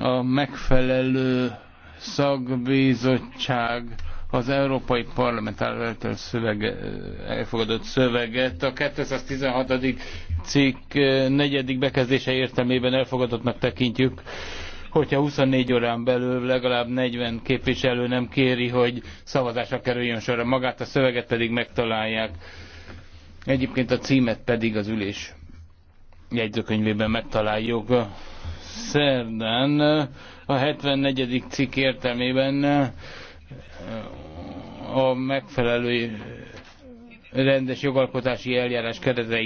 a megfelelő szakbizottság az Európai Parlament által szövege, elfogadott szöveget a 216. cikk eh, negyedik bekezdése értelmében elfogadottnak tekintjük, hogyha 24 órán belül legalább 40 képviselő nem kéri, hogy szavazásra kerüljön sorra magát, a szöveget pedig megtalálják. Egyébként a címet pedig az ülés jegyzőkönyvében megtaláljuk szerdán a 74. cikk értelmében a megfelelő rendes jogalkotási eljárás keretei